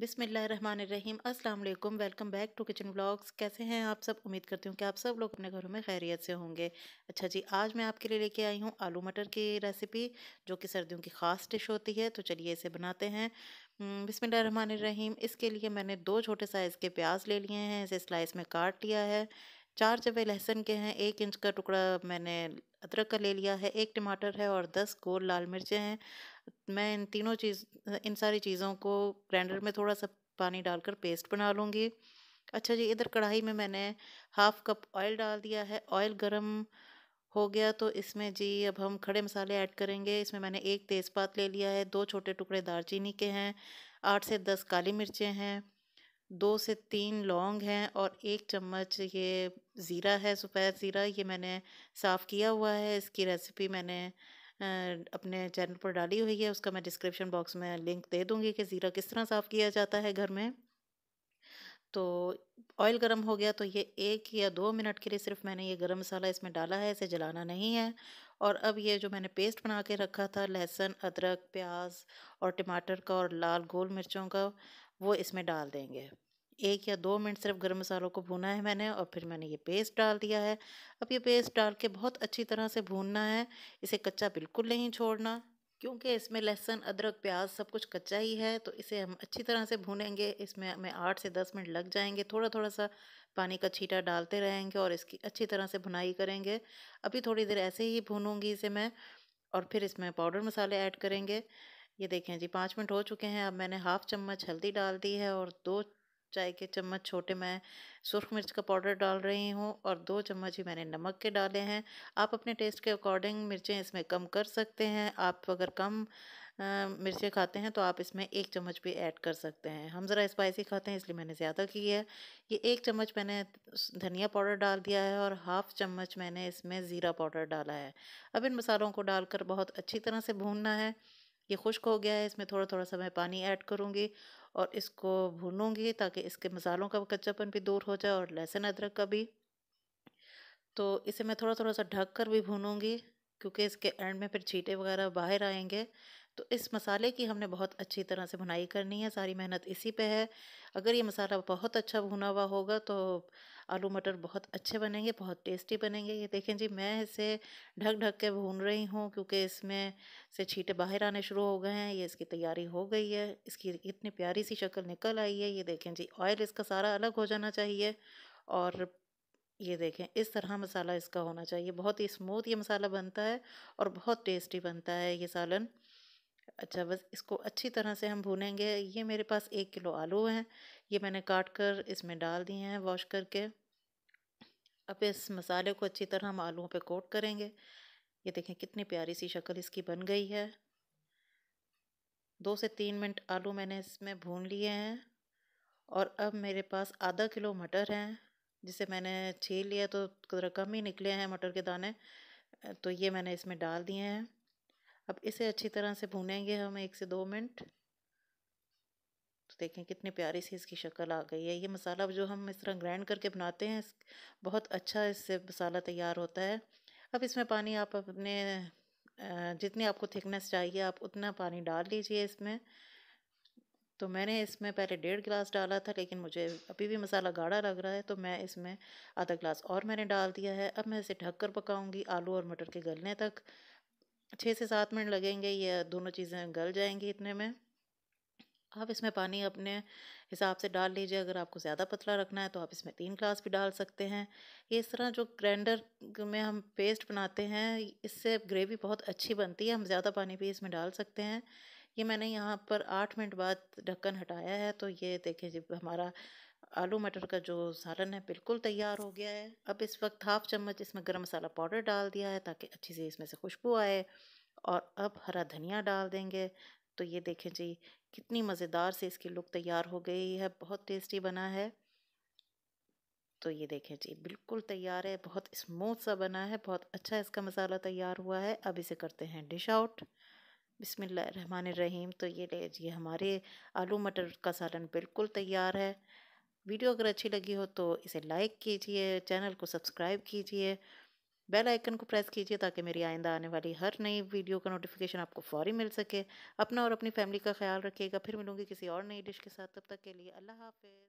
बिसमीम अल्लाम welcome back to kitchen vlogs कैसे हैं आप सब उम्मीद करती हूँ कि आप सब लोग अपने घरों में खैरियत से होंगे अच्छा जी आज मैं आपके लिए लेके आई हूँ आलू मटर की रेसिपी जो कि सर्दियों की ख़ास डिश होती है तो चलिए इसे बनाते हैं बिसमीम इसके लिए मैंने दो छोटे साइज़ के प्याज ले लिए हैं इसे स्लाइस में काट लिया है चार जबे लहसुन के हैं एक इंच का टुकड़ा मैंने अदरक का ले लिया है एक टमाटर है और दस गोल लाल मिर्चें हैं मैं इन तीनों चीज़ इन सारी चीज़ों को ग्राइंडर में थोड़ा सा पानी डालकर पेस्ट बना लूँगी अच्छा जी इधर कढ़ाई में मैंने हाफ़ कप ऑयल डाल दिया है ऑयल गरम हो गया तो इसमें जी अब हम खड़े मसाले ऐड करेंगे इसमें मैंने एक तेज़पात ले लिया है दो छोटे टुकड़े दालचीनी के हैं आठ से दस काली मिर्चें हैं दो से तीन लौंग हैं और एक चम्मच ये ज़ीरा है सफ़ेद ज़ीरा ये मैंने साफ़ किया हुआ है इसकी रेसिपी मैंने अपने चैनल पर डाली हुई है उसका मैं डिस्क्रिप्शन बॉक्स में लिंक दे दूँगी कि ज़ीरा किस तरह साफ़ किया जाता है घर में तो ऑयल गर्म हो गया तो ये एक या दो मिनट के लिए सिर्फ मैंने ये गरम मसाला इसमें डाला है इसे जलाना नहीं है और अब ये जो मैंने पेस्ट बना के रखा था लहसुन अदरक प्याज और टमाटर का और लाल गोल मिर्चों का वो इसमें डाल देंगे एक या दो मिनट सिर्फ गर्म मसालों को भूना है मैंने और फिर मैंने ये पेस्ट डाल दिया है अब ये पेस्ट डाल के बहुत अच्छी तरह से भूनना है इसे कच्चा बिल्कुल नहीं छोड़ना क्योंकि इसमें लहसुन अदरक प्याज सब कुछ कच्चा ही है तो इसे हम अच्छी तरह से भूनेंगे इसमें हमें आठ से दस मिनट लग जाएंगे थोड़ा थोड़ा सा पानी का छीटा डालते रहेंगे और इसकी अच्छी तरह से भुनाई करेंगे अभी थोड़ी देर ऐसे ही भूनूंगी इसे मैं और फिर इसमें पाउडर मसाले ऐड करेंगे ये देखें जी पाँच मिनट हो चुके हैं अब मैंने हाफ़ चम्मच हल्दी डाल दी है और दो चाय के चम्मच छोटे मैं सुरख मिर्च का पाउडर डाल रही हूँ और दो चम्मच ही मैंने नमक के डाले हैं आप अपने टेस्ट के अकॉर्डिंग मिर्चें इसमें कम कर सकते हैं आप अगर कम मिर्चें खाते हैं तो आप इसमें एक चम्मच भी ऐड कर सकते हैं हम ज़रा स्पाइसी खाते हैं इसलिए मैंने ज़्यादा की है ये एक चम्मच मैंने धनिया पाउडर डाल दिया है और हाफ़ चम्मच मैंने इसमें ज़ीरा पाउडर डाला है अब इन मसालों को डालकर बहुत अच्छी तरह से भूनना है ये खुश्क हो गया है इसमें थोड़ा थोड़ा सा मैं पानी ऐड करूँगी और इसको भूनूँगी ताकि इसके मसालों का कच्चापन भी दूर हो जाए और लहसुन अदरक का भी तो इसे मैं थोड़ा थोड़ा सा ढक कर भी भूनूँगी क्योंकि इसके एंड में फिर छीटे वगैरह बाहर आएंगे तो इस मसाले की हमने बहुत अच्छी तरह से भुनाई करनी है सारी मेहनत इसी पे है अगर ये मसाला बहुत अच्छा भुना हुआ होगा तो आलू मटर बहुत अच्छे बनेंगे बहुत टेस्टी बनेंगे ये देखें जी मैं इसे ढक ढक के भून रही हूँ क्योंकि इसमें से छीटे बाहर आने शुरू हो गए हैं ये इसकी तैयारी हो गई है इसकी इतनी प्यारी सी शक्ल निकल आई है ये देखें जी ऑयल इसका सारा अलग हो जाना चाहिए और ये देखें इस तरह मसाला इसका होना चाहिए बहुत ही स्मूथ ये मसाला बनता है और बहुत टेस्टी बनता है ये सालन अच्छा बस इसको अच्छी तरह से हम भूनेंगे ये मेरे पास एक किलो आलू हैं ये मैंने काट कर इसमें डाल दिए हैं वॉश करके अब इस मसाले को अच्छी तरह हम आलूओं पे कोट करेंगे ये देखें कितनी प्यारी सी शक्ल इसकी बन गई है दो से तीन मिनट आलू मैंने इसमें भून लिए हैं और अब मेरे पास आधा किलो मटर हैं जिसे मैंने छील लिया तो कम ही निकले हैं मटर के दाने तो ये मैंने इसमें डाल दिए हैं अब इसे अच्छी तरह से भूनेंगे हम एक से दो मिनट तो देखें कितनी प्यारी सी इसकी शक्ल आ गई है ये मसाला जो हम इस तरह ग्राइंड करके बनाते हैं बहुत अच्छा इससे मसाला तैयार होता है अब इसमें पानी आप अपने जितनी आपको थिकनेस चाहिए आप उतना पानी डाल लीजिए इसमें तो मैंने इसमें पहले डेढ़ गिलास डाला था लेकिन मुझे अभी भी मसाला गाढ़ा लग रहा है तो मैं इसमें आधा गिलास और मैंने डाल दिया है अब मैं इसे ढककर पकाऊंगी आलू और मटर के गलने तक छः से सात मिनट लगेंगे ये दोनों चीज़ें गल जाएंगी इतने में आप इसमें पानी अपने हिसाब से डाल लीजिए अगर आपको ज़्यादा पतला रखना है तो आप इसमें तीन ग्लास भी डाल सकते हैं ये इस तरह जो ग्राइंडर में हम पेस्ट बनाते हैं इससे ग्रेवी बहुत अच्छी बनती है हम ज़्यादा पानी भी इसमें डाल सकते हैं ये मैंने यहाँ पर आठ मिनट बाद ढक्कन हटाया है तो ये देखें जब हमारा आलू मटर का जो सालन है बिल्कुल तैयार हो गया है अब इस वक्त हाफ चम्मच इसमें गरम मसाला पाउडर डाल दिया है ताकि अच्छी से इसमें से खुशबू आए और अब हरा धनिया डाल देंगे तो ये देखें जी कितनी मज़ेदार से इसकी लुक तैयार हो गई है बहुत टेस्टी बना है तो ये देखें जी बिल्कुल तैयार है बहुत स्मूथ सा बना है बहुत अच्छा इसका मसाला तैयार हुआ है अब इसे करते हैं डिश आउट बिसमीम तो ये ले जी हमारे आलू मटर का सालन बिल्कुल तैयार है वीडियो अगर अच्छी लगी हो तो इसे लाइक कीजिए चैनल को सब्सक्राइब कीजिए बेल आइकन को प्रेस कीजिए ताकि मेरी आइंदा आने वाली हर नई वीडियो का नोटिफिकेशन आपको फौरी मिल सके अपना और अपनी फैमिली का ख्याल रखिएगा फिर मिलूंगी किसी और नई डिश के साथ तब तक के लिए अल्लाह हाफिज़